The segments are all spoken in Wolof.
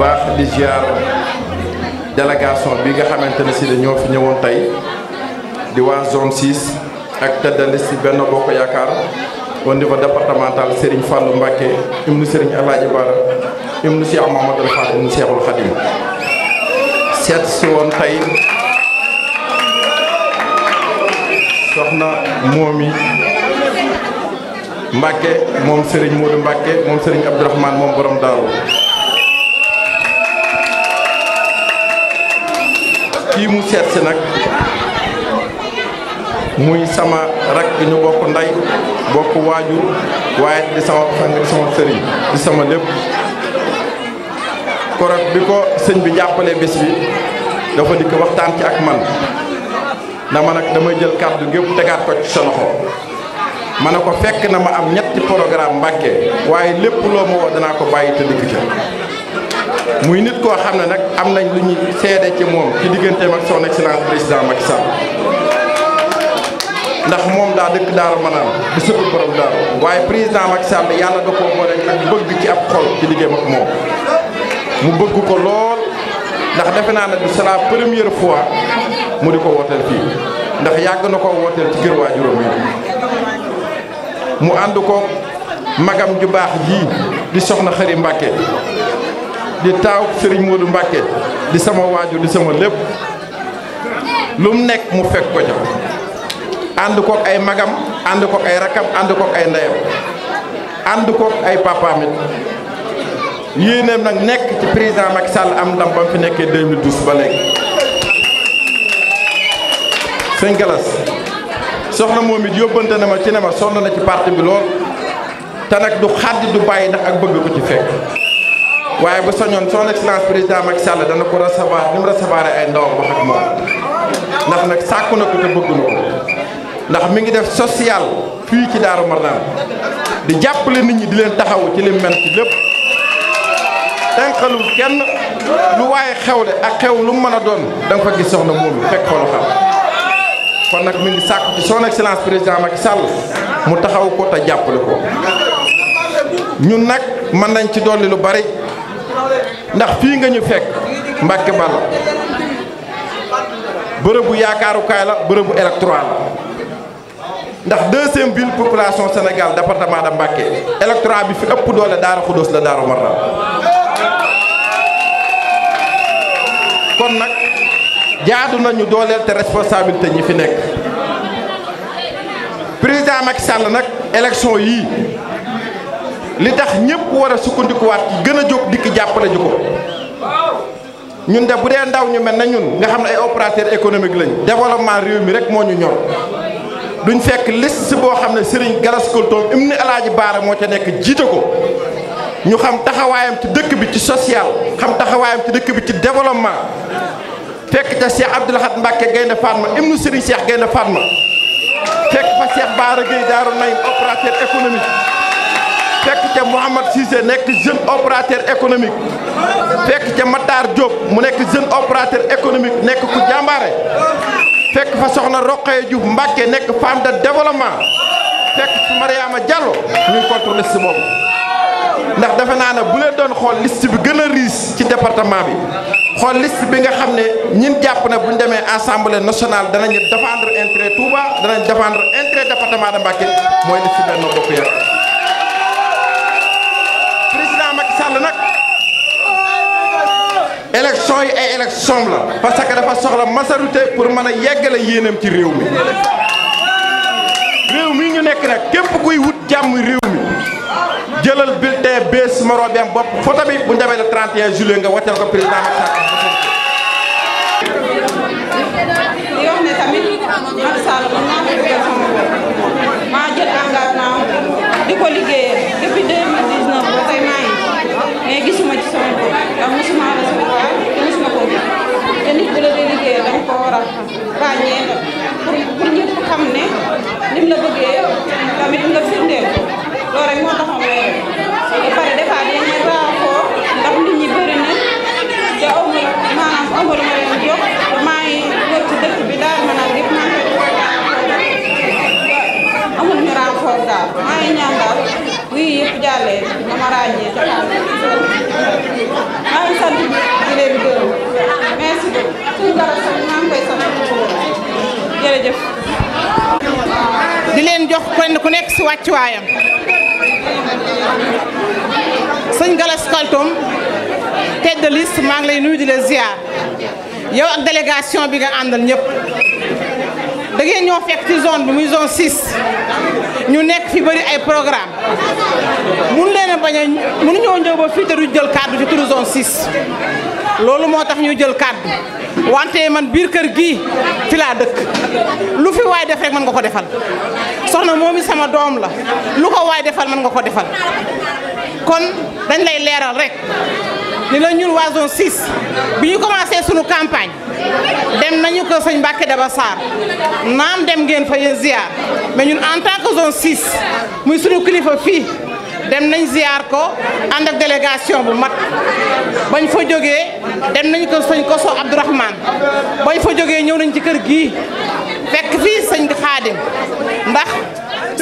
baax di ziar délégation bi nga xamante ne si ñoo fi ñëwoon tey di waa zone 6 ak tête de liste Benno Bokk Yaakaar au niveau départemental Serigne Fallou Mbacké ibnu Serigne Alaaji Bara ibnu Cheikh Mamadou Fall ibnu Cheikhul Khadim seet si woon tey soxna Momi Mbacké moom Serigne Modou Mbacké moom Serigne Abdourahmane moom borom Daaru kii mu seet si nag muy sama rakk ñu bokk ndey bokk waajur waaye di sama sang di sama sëriñ di sama lépp korot bi ko sëñ bi jàppale bés bi dafa dikk waxtaan ci ak man dama nag damay jël kàddu gépp tegaat ko ci sa loxo ma ne ko fekk na ma am ñetti programme Mbàkke waaye lépp loo ma woo danaa ko bàyyi te dikk ca muy nit koo xam ne nag am nañ lu ñuy seede ci moom ci digganteem ak son excellence président Macky Sall ndax moom daa dëkk Daaru Manaan di sëtu borom Daaru waaye président Macky Sall yàlla da koo boole ak bëgg ci ab xol ci liggéeyam ak moom mu bëgg ko lool ndax defe naa ne du c'est la première mu di ko wooteel fii ndax yàgg na koo wooteel ci kër waajuram yi mu ànd ko magam ju baax ji di soxna Xari Mbàkke di taaw Serigne Modou Mbacke di sama waajur di sama lépp lu mu nekk mu fekk ko ca ànd kook ay magam ànd kook ay rakam ànd kook ay ndeyam ànd kook ay papaam it nag nekk ci président Macky sàll am ndam ba mu fi nekkee 2012 ba léegi sëñ Galas soxna moom it yóbbante na ma ci ne ma sonn na ci parti bi lool te nag du xàddi du bàyyi ndax ak bëgg ko ci fekk waaye bu sañoon son excellence président Macky Sall dana ko recevoir ni mu recevoir ay ndawam wax ak moom ndax nag sàkku na ko te bëgg na ko ndax mi ngi def social fii ci Daaru Marnaan di jàppale nit ñi di leen taxaw ci li mel ci lépp tenqalul kenn lu waaye xew de ak xew lu mën a doon da nga fa gis soxna moomu fekk fa lu xam kon nag mi ngi sàkku ci son excellence président Macky Sall mu taxaw ko te jàppale ko ñun nag mën nañ ci doon dolli lu bari. ndax fii nga ñu fekk Mbàkke Bal bërëbu yaakaarukaay la bërëbu électoral ndax deuxième ville population Sénégal département de Mbacké électorat bi fi ëpp doole Daara Xudóos la Daaru Marnaan kon nag jaadu nañu dooleel te responsabilité ñi fi nekk président Macky Sall nag élection yii li tax ñëpp war a sukkandikuwaat gën a jóg dikk jàppale ju ko ñun de bu dee ndaw ñu mel na ñun nga xam ne ay opérateur économique lañ développement réew mi rek moo ñu ñor duñ fekk liste boo xam ne Serigne Gallas Kaltoum im ni Alaaji Baara moo ca nekk jiite ko ñu xam taxawaayam ci dëkk bi ci social xam taxawaayam ci dëkk bi ci développement fekk ca Cheikh Abdoul Ahad Mbacké Gaynde Fatma im nu Serigne seex Gaynde Fatma fekk fa Cheikh Baara Gueye Daaru Naim opérateur économique fekk ca Mouhamad Cissé nekk jeune opérateur économique fekk ca Matar Diop mu nekk jeune opérateur économique nekk ku jàmbaare fekk fa soxna Roqaye Diouf Mbacke nekk femme de développement fekk ci Mariama Diallo ñuy contre liste boobu ndax defe naa ne bu leen doon xool list bi gën a riis ci département bi xool list bi nga xam ne ñin jàpp ne bu ñu demee national nationale danañu défendre intérêt Touba danañ défendre intérêt département de Mbacke mooy liste Benno Bokk Yaakaar Macky Sall nag élection yi ay élection la parce que dafa soxla majorité pour mën a yeggale yéenam ci réew mi réew mi ngi nekk nag képp kuy wut jàmm réew mi jëlal bulletin bés maro bi am bopp photo bi bu ndemee le 31 juillet nga wateel ko président Macky Sall maa jël engagement di ko liggéeyee depuis ndax mosuma respectable te te nit bu la dee liggéeyal da nga war a ràññee pour pour ñëpp xam ne ni la bëggee tamit nga firndeel ko loolu rek moo taxoon may pare des fois dañ may baaxoo ndax nit ñi bëri na te aw ma maanaam aw ma lu ma leen wii yëpp jàllee na ma ràññee jërëjëf. di leen jox kenn ku nekk ci si wàccuwaayam sëñ Galas Kaltoum tête de liste maa ngi lay nuyu di la ziar yow ak délégation bi nga àndal ñëpp da ngeen ñoo fekk ci zone bi muy zone 6 ñu nekk fi bari ay programme mun leen a bañ a mënuñoo ñëw ba fii te du jël kàddu ci turu zone 6 loolu moo tax ñu jël kàddu wante man biir kër gi fi laa dëkk lu fi waay def rek mën nga ko defal soxna moom sama doom la lu ko waay defal mën nga ko defal kon dañ lay leeral rek ni la ñun waa zone 6 bi ñu commencé sunu campagne dem nañu ko sëñ Mbacke Daba Sarr naam dem ngeen fa yéen ziar mais ñun en tant que zone 6 muy sunu kilifa fii dem nañ ziar ko ànd ak délégation bu mat bañ fa jóge dem nañ ko sëñ Koso Abdourahmane bañ fa jógee ñëw nañ ci kër gi fekk fii sëñ Xaadim ndax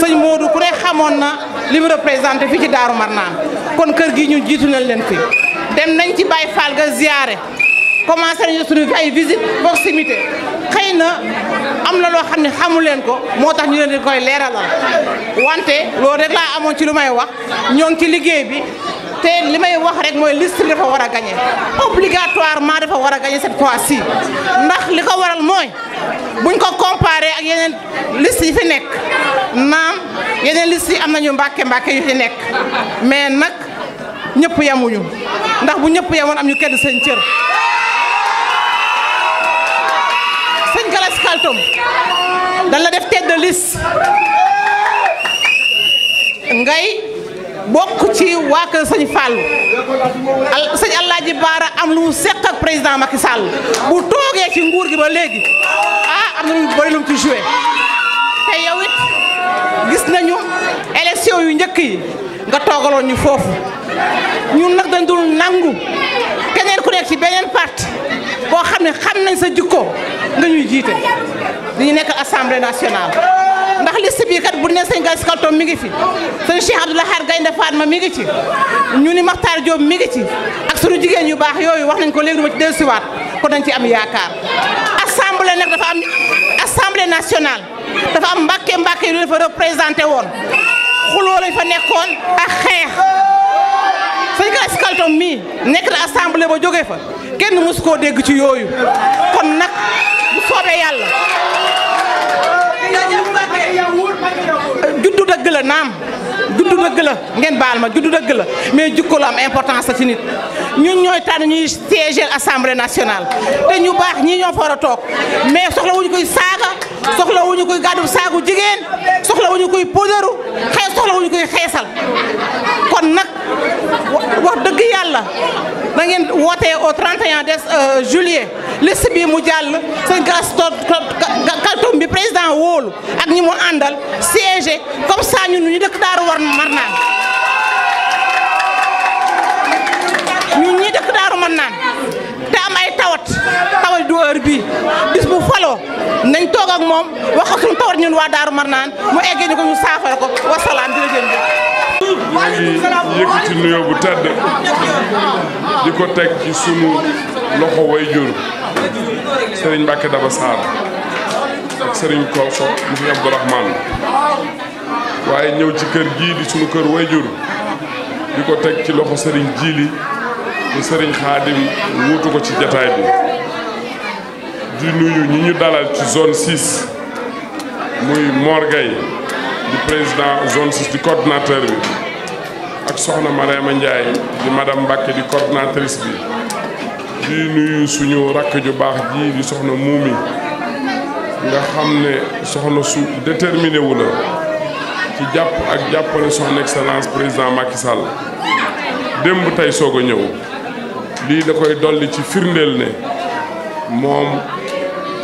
sëñ Modou ku ne xamoon na li mu représenté fii ci Daaru Marnaan kon kër gi ñu jiitu nañ leen fi dem nañ ci Baye Fall ga ziare commencé nañu suñu ay visite proximité xëy na am na loo xam ne xamu leen ko moo tax ñu leen di koy leeralal wante loolu rek laa amoon ci lu may wax ñoo ngi ci liggéey bi te li may wax rek mooy list dafa war a gagné obligatoirement dafa war a gagné cette fois-ci ndax li ko waral mooy buñ ko comparé ak yeneen list yi fi nekk naam yeneen liste yi am nañu mbàkke mbàkke yu fi nekk mais nag ñëpp yamuñu ndax bu ñëpp yamoon am ñu kenn seen cër. ultimatum dañ la def tête de liste ngay bokk ci waa kër sëñ Fallou sëñ Alaaji Baara am lu mu seq ak président Macky Sall bu toogee ci nguur gi ba léegi ah am na lu bëri ci joué te yow gis nañu élection yu njëkk yi nga toogaloon ñu foofu ñu nag dañ dul nangu keneen ku nekk ci beneen parti boo xam ne xam nañ sa jikko nga ñuy jiite dañu nekk assemblée nationale ndax liste bii kat bu ne sëñ Gaye Kaltom mi ngi fi sëñ Cheikh Abdou Lahad Gaynde ma mi ngi ci ñu ni Makhtar joom mi ngi ci ak sunu jigéen yu baax yooyu wax nañ ko léegi duma ci dellusiwaat kon dañ ci am yaakaar assemblée nag dafa am assemblée nationale dafa am mbàkke mbàkke yu leen fa représenté woon xuloo lañ fa nekkoon ak xeex sëñ Gaye Kaltom mii nekk na assemblée ba jógee fa kenn mosu koo dégg ci yooyu kon te yàlla juddu dëgg la naam juddu dëgg la ngeen baal ma juddu dëgg la mais jukko lu am importance la ci nit ñun ñooy tànn ñuy siéger assemblée nationale te ñu baax ñii ñoo fa war a toog mais soxla wuñu koy saaga soxla wuñu koy gàddu saagu jigéen soxla wuñu koy podaru xee soxla wuñu koy xeesal kon nag wax dëgg yàlla da ngeen wootee au 31 des euh, juillet liste bi mu jàll sëñ Gaston Kaltoum bi président wóolu ak ñi mu àndal siégé comme ça ñun ñu dëkk Daaru war Marnaan ñun ñi dëkk Daaru Marnaan te ay tawat tawat du heure bii bu faloo nañ toog ak moom wax tawat ñun waa Daaru Marnaan mu eggee ñu ko ñu saafara ko wasalaam jërëjëf yëkkati nuyoo bu tedd di ko teg ci sunu loxo way jur sëriñ Mbàkke Daba Sarr ak sëriñ Kolso mu fi Abdourahmane waaye ñëw ci kër gii di sunu kër way jur di ko teg ci loxo sëriñ Jiili di sëriñ Xaadim wuutu ko ci jataay bi di nuyu ñi ñu dalal ci zone 6 muy Mor di président zone 6 di coordinateur bi ak soxna Mariama Ndiaye di madame Mbacke di coordinatrice bi di nuyu suñu rakk ju baax ji di soxna muumi nga xam ne soxna su déterminé wu la ci jàpp ak jàppale son excellence président Macky Sall démb tey soog a ñëw lii da koy dolli ci firndeel ne moom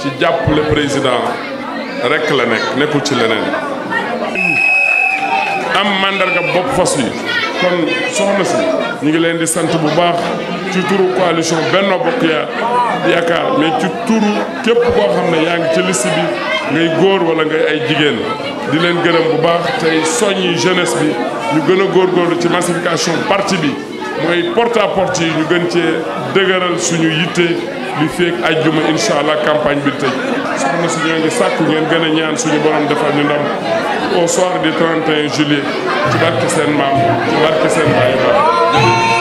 ci jàppale président rekk la nekk nekkul ci leneen am màndarga bopp fas kon soxna si ñu ngi leen di sant bu baax ci turu coalition Benno Bokk Yaakaar mais ci turu képp koo xam ne yaa ngi ci liste bi ngay góor wala ngay ay jigéen di leen gërëm bu baax tey soññi jeunesse bi ñu gën a góorgóorlu ci massification parti bi mooy porte à porte yi ñu gën cee dëgëral suñu yitte li feek ajjuma incha allah campagne bi tëj soxna si ñoo ngi sàkku ngeen gën a ñaan suñu borom defal ñu ndam au soir du 31 juillet ci barke seen maam ci barke seen baay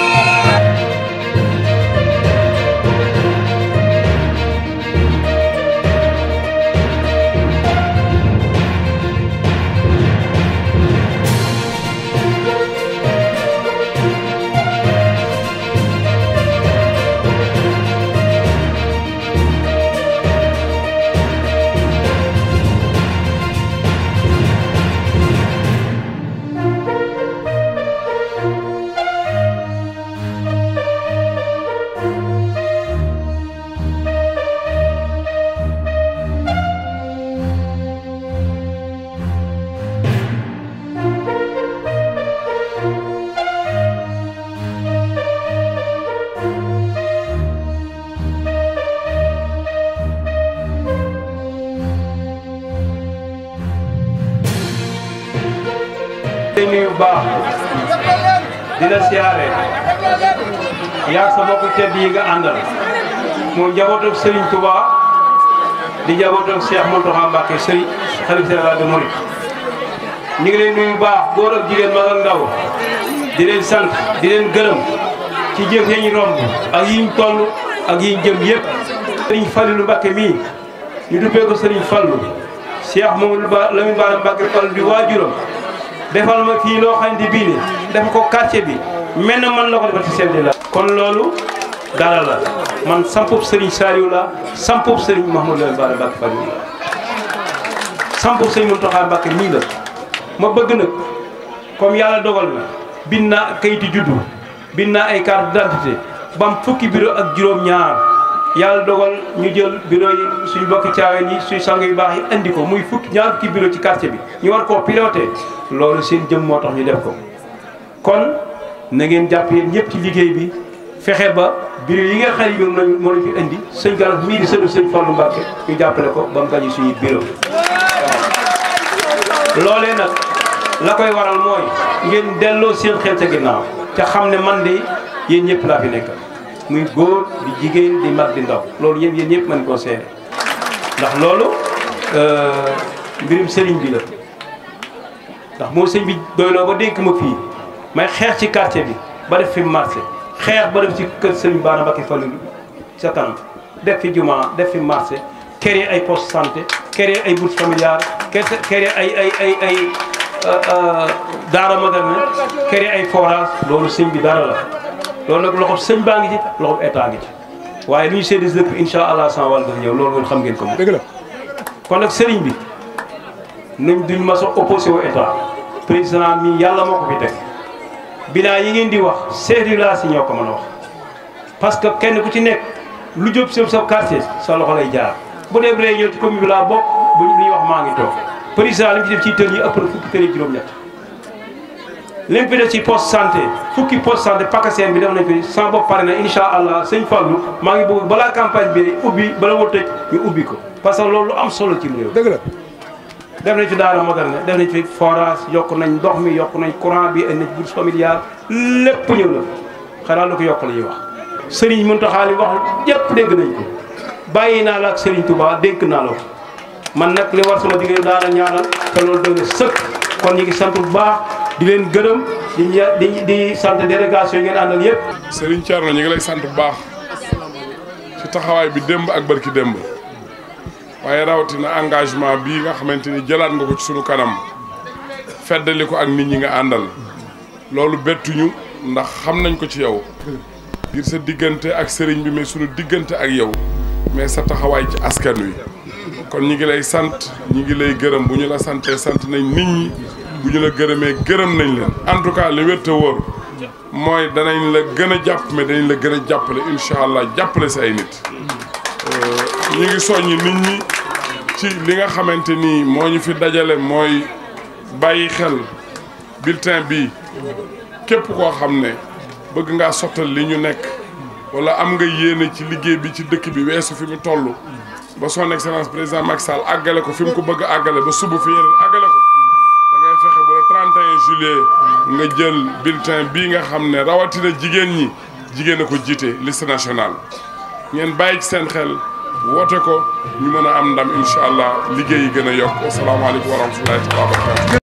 baax di la siyaare yaa sa mbokk tedd yi nga àndal moom njabootu sëriñ Touba di njabootu Cheikh Mountakha Mbacké Serigne xalif général des mourides ñu ngi leen nuyu baax góor ak jigéen ma ak di leen sant di leen gërëm ci jëf yi ñu romb ak yi ñu toll ak yi ñu jëm yëpp. Serigne Fallou Mbacké mii ñu dubbee ko Serigne Fallou Cheikh Mamadou Ba Lamine Bara Mbacké Fallou di waajuram. defal ma kii loo xamante bii ne dafa ko quartier bi mel na man la ko ci seen la kon loolu dara la man sampub Serigne Saliou la sampub Serigne ma Lamine Bara Mbacké Fall mii la sampub Serigne Mountakha Mbacké mii la ma bëgg nag comme yàlla dogal na bind naa kayitu juddu bind naa ay carte d'identité bam fukki bureau ak juróom ñaar yàlla dogal ñu jël bureau yi suñu bokki caaween yi suñu sang yu baax yi indi ko muy fukki ñaar fukki bureau ci quartier bi ñu war koo piloté loolu seen jëm moo tax ñu def ko kon na ngeen jàpp yéen ñëpp ci liggéey bi fexe ba bureau yi nga xam ne ñoom lañ fi indi sëñ Gana mii di sëñ sëñ Fallou Mbacke ñu jàppale ko ba mu gañe suñu bureau waaw nag la koy waral mooy ngeen delloo seen xel ca ginnaaw ca xam ne man de yéen ñëpp laa fi nekkal muy góor di jigéen di mag di ndaw loolu yéen yéen ñëpp mën koo seere ndax loolu euh, mbirum sëriñ bi la ndax moo sëñ bi doyloo ba dénk ma fii may xeex ci quartier bi ba def fi marché xeex ba def ci kër sëriñ ba Mbacké Fallou sa kanam def fi jumaa def fi marché créer ay poste santé créer ay bourse familiale créer ay ay ay ay euh, euh, daara moderne créer ay forage loolu sëñ bi dara la loolu nag loxob sëñ baa ngi ci loxob état ngi ci waaye lu ñu séddis lépp incha allah sans wàll dafa ñëw loolu xam ngeen ko moom. dëgg la kon nag sëriñ bi nuñ duñ mas a opposé wu état président mi yàlla moo ko fi teg yi ngeen di wax chef du village yi ñoo ko ma na wax. parce que kenn ku ci nekk lu jub sa sa quartier sa loxo lay jaar bu dee réunion ci commune bi laa bokk bu ñuy wax maa ngi too président li mu ci def ci yi ëpp na fukki tër juróom-ñett. li mu fi def ci poste santé fukki poste santé pakaseen bi def nañ fi sans bopp pare na incha allah sëñ Fallou maa ngi bëgg balaa campagne bi ubbi bala war tëj ubbi ko parce que loolu am solo ci réew. dëgg la def nañ fi daara moderne def nañ fi forage yokk nañ ndox mi yokk nañ courant bi indi bourse familiale lépp ñëw la xanaa lu ko yokk la ñuy wax. Serigne Mountakha li wax yëpp dégg nañ ko bàyyi naa la ak Serigne Touba dénk naa la ko man nag li war di leen gërëm di sant délégation yi ngeen àndal yëpp. Serigne Thierno ñu ngi lay sant bu baax ci taxawaay bi démb ak barki démb waaye rawatina engagement bi nga xamante ni jëlaat nga ko ci sunu kanam feddali ko ak nit ñi nga àndal loolu bettuñu ndax xam nañ ko ci yow ngir sa diggante ak sëriñ bi mais sunu diggante ak yow mais sa taxawaay ci askan wi kon ñu ngi lay sant ñu ngi lay gërëm bu ñu la santee sant nañ nit ñi. bu ñu la gërëmee gërëm nañ leen en tout cas li wér te mooy danañ la gën a jàpp mais danañ la gën a jàppale incha allah jàppale si ay nit euh, ñu ngi soññi nit ñi ci li nga xamante ni moo ñu fi dajale mooy bàyyi xel bulletin bii képp koo xam ne bëgg ngaa sottal li ñu nekk wala am nga yéene ci liggéey bi ci dëkk bi weesu fi mu toll ba son excellence président Macky Sall àggale ko fi mu ko bëgg àggale ba suba fi yeneen àggale fexe ba le 31 juillet nga jël bulletin bii nga xam ne rawatina jigéen ñi jigéen a ko jiite liste nationale ngeen bàyyi ci seen xel woote ko ñu mën a am ndam incha allah liggéey gën a yokk asalaamaaleykum wa rahmatullahi taala wa barakatu